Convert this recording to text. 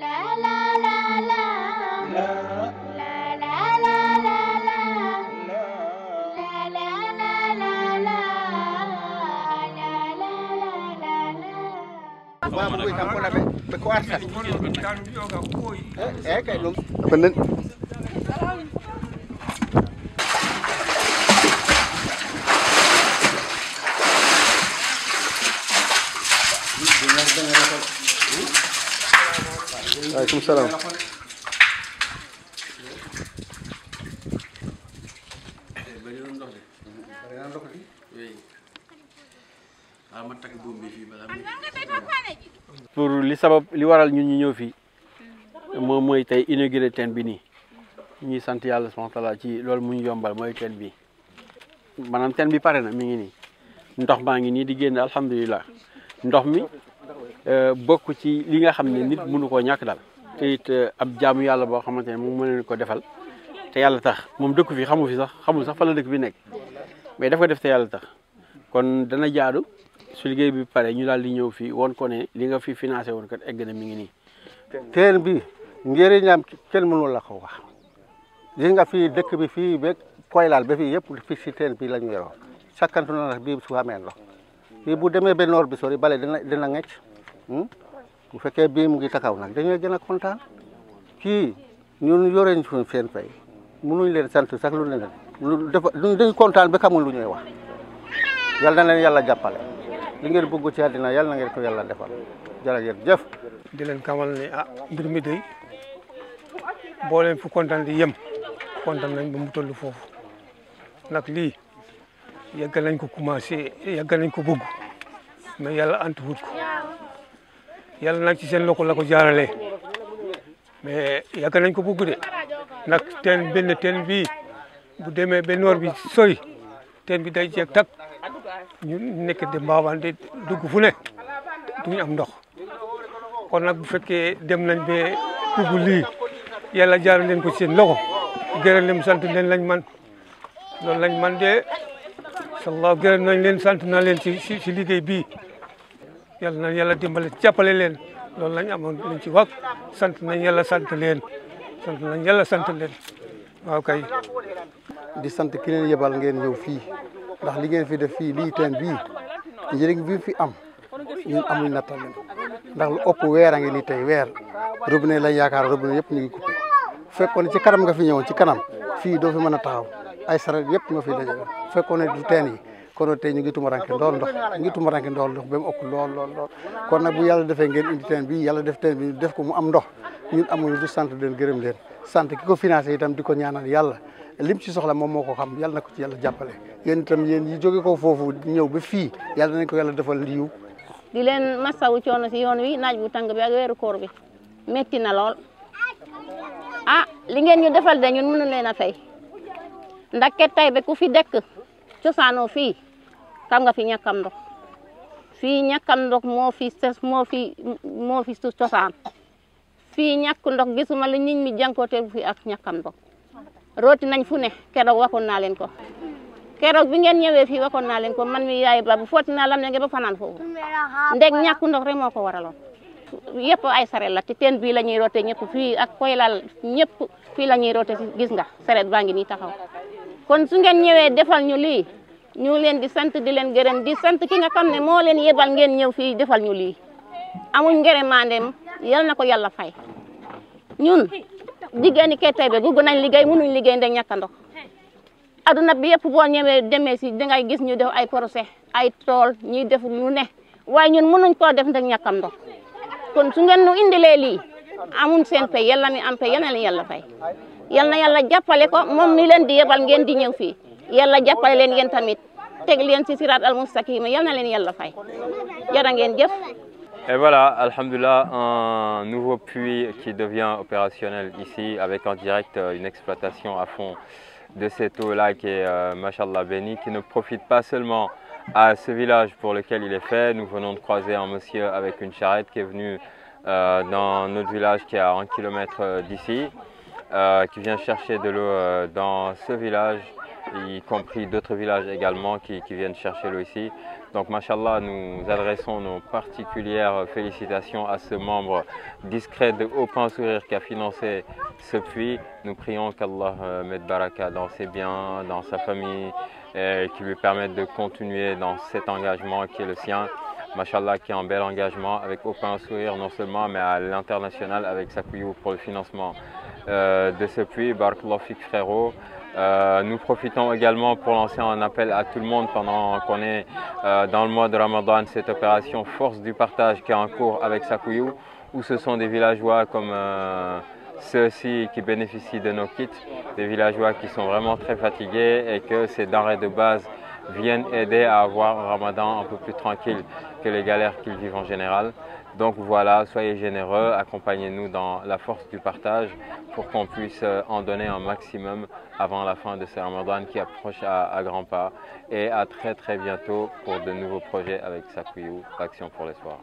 babu kam kona ɓe ɓe ko arta e kay ɗum Waalaikumsalam. pour li sabab li waral ñun ñi ñëw fi mo moy tay inauguré ten bi ni ñi sant yalla subhanahu wa taala ci lool mu ñu yombal moy ten bi manam ten bi paré na mi ngi ni ndox maa ngi ni di génn alhamdullilah ndox mi euh bokku ci li nga xam nit mënu ko ñak dal te it eh, ab jaamu yàlla boo xamante ne moom mën leen ko defal te yàlla tax moom dëkku fi xamu fi sax xamul sax fa la dëkk bi nekk mais daf ko def te yàlla tax kon dana jaadu su liggéey bi pare ñu daal di ñëw fii woon ko ne li nga fi financé won kat egg na mi ngi nii. teen bi njëriñam kenn mënul la ko wax li nga fi dëkk bi fii ba koylaal ba fii yëpp fii si teen bi la ñu yoroo sakkantu na nag bii su amee ndox fii bu demee ba noor bi sori bale dina dina hmm? bu fekkee bii mu ngi taxaw nag dañooy gën a kontaan kii ñun yore ñu suñu seen fay munuñ leen sant sax lu leen lu dafa dañ kontaan ba xamul lu ñuy wax yal na leen yàlla jàppale li ngeen bëgg ci àddina yal na ngeen ko yàlla defal jërëjëf jëf. di leen kamal ne ah mbir mi day boo fu kontaan di yem kontaan nañ ba mu toll foofu nag lii yàgg nañ ko commencé yàgg nañ ko bëgg mais yàlla antuwut ko. yàlla nag ci seen loko la ko jaarale mais yàgg nañ ko bugg de nag teen benn teen bi bu demee ba noor bi soy teen bi day jeeg tak ñu nekk de mbaawaan de dugg fu ne duñu am ndox kon nag bu fekkee dem nañ ba bugg lii yàlla jaarale leen ko ci seen loxo gërëm leen sant leen lañ man loolu lañ man de sallallahu gërëm nañ leen sant naa leen ci ci liggéey bi yal na yàlla dimbale jàppale leen loolu lañ amoon luñ ci wax sant nañ yàlla sant leen sant nañ yàlla sant leen waaw kay. di sant ki leen yebal ngeen ñëw fii ndax li ngeen fi def fii lii teen bii njëriñ bi fi am ñun amuñ nattale ndax lu ëpp weer a ngi nii tey weer robinet lañ yaakaar robinet yëpp ñu ngi coupé fekkoon ci kanam nga fi ñëwoon ci kanam fii doo fi mën a taxaw ay saret yëpp nga fi dajale fekkoon ne du teen yi. kono tey ñu ngi tumaranke ndool ndox ñu ngi tumaranke ndool ndox ba mu ëpp lool lool lool kon nag bu yàlla defee ngeen indi teen bi yàlla def teen bi def ko mu am ndox ñu amuñu du sant leen gërëm leen sant ki ko financé itam di ko ñaanal yàlla lim ci soxla moom moo ko xam yàlla na ko ci yàlla jàppale yéen itam yéen yi jóge ko foofu ñëw ba fii yàlla nañ ko yàlla defal ndiw di leen masawu coono si yoon wi naaj bu tàng bi ak weeru koor bi na lool ah li ngeen ñu defal de ñun mënu leen a fay ndaxte tey ba ku fi dëkk cosaanoo fii xam nga fi ñàkkam ndox fii ñàkkam ndox moo fi ses moo fi moo fi su cosaan fii ñàkk ndox gisuma la nit ñi jànkoonteegu fi ak ñàkkam ndox rooti nañ fu ne keroog waxoon naa leen ko keroog bi ngeen ñëwee fii waxoon naa leen ko man mi yaay ba bu footi naa lam ne nga ba fanaan foofu ndeg ñàkk ndox rek moo ko waraloon yëpp ay saret la te teen bii la ñuy roote ñëpp fii ak koy lal ñëpp fii la ñuy roote gis nga seret baa ngi ni taxaw kon su ngeen ñëwee defal ñu lii ñu leen di sant di leen gërëm di sant ki nga xam ne moo leen yebal ngeen ñëw fii defal ñu lii amuñ maandem yal na ko yàlla fay ñun jigéeni Keteebe bugg nañ liggéey mënuñ liggéey ndax ñàkk a ndox aduna bi yëpp boo ñëwee demee si dangay gis ñu def ay projet ay tool ñuy def lu ne waaye ñun mënuñ koo def ndax ñàkkam ndox kon su ngeen nu indilee lii amuñ seen pay yàlla mi am pay yal na leen yàlla fay Et voilà, Alhamdulillah, un nouveau puits qui devient opérationnel ici avec en direct euh, une exploitation à fond de cette eau-là qui est, euh, mashallah, béni, qui ne profite pas seulement à ce village pour lequel il est fait. Nous venons de croiser un monsieur avec une charrette qui est venu euh, dans notre village qui est à un kilomètre euh, d'ici. Euh, qui vient chercher de l'eau euh, dans ce village, y compris d'autres villages également qui, viennent chercher l'eau ici. Donc, Mashallah, nous adressons nos particulières félicitations à ce membre discret de Haut Sourire qui a financé ce puits. Nous prions qu'Allah euh, mette baraka dans ses biens, dans sa famille, et qui lui permette de continuer dans cet engagement qui est le sien. Mashallah, qui est en bel engagement avec Open Sourire non seulement mais à l'international avec Sakuyu pour le financement euh, de ce puits, Barclofik Frérot. Euh, nous profitons également pour lancer un appel à tout le monde pendant qu'on est euh, dans le mois de Ramadan, cette opération Force du partage qui est en cours avec Sakuyu où ce sont des villageois comme ceux-ci qui bénéficient de nos kits, des villageois qui sont vraiment très fatigués et que ces denrées de base viennent aider à avoir un ramadan un peu plus tranquille que les galères qu'ils vivent en général. Donc voilà, soyez généreux, accompagnez-nous dans la force du partage pour qu'on puisse euh, en donner un maximum avant la fin de ce ramadan qui approche à, grands pas. Et à très très bientôt pour de nouveaux projets avec Sakuyu, Action pour l'espoir.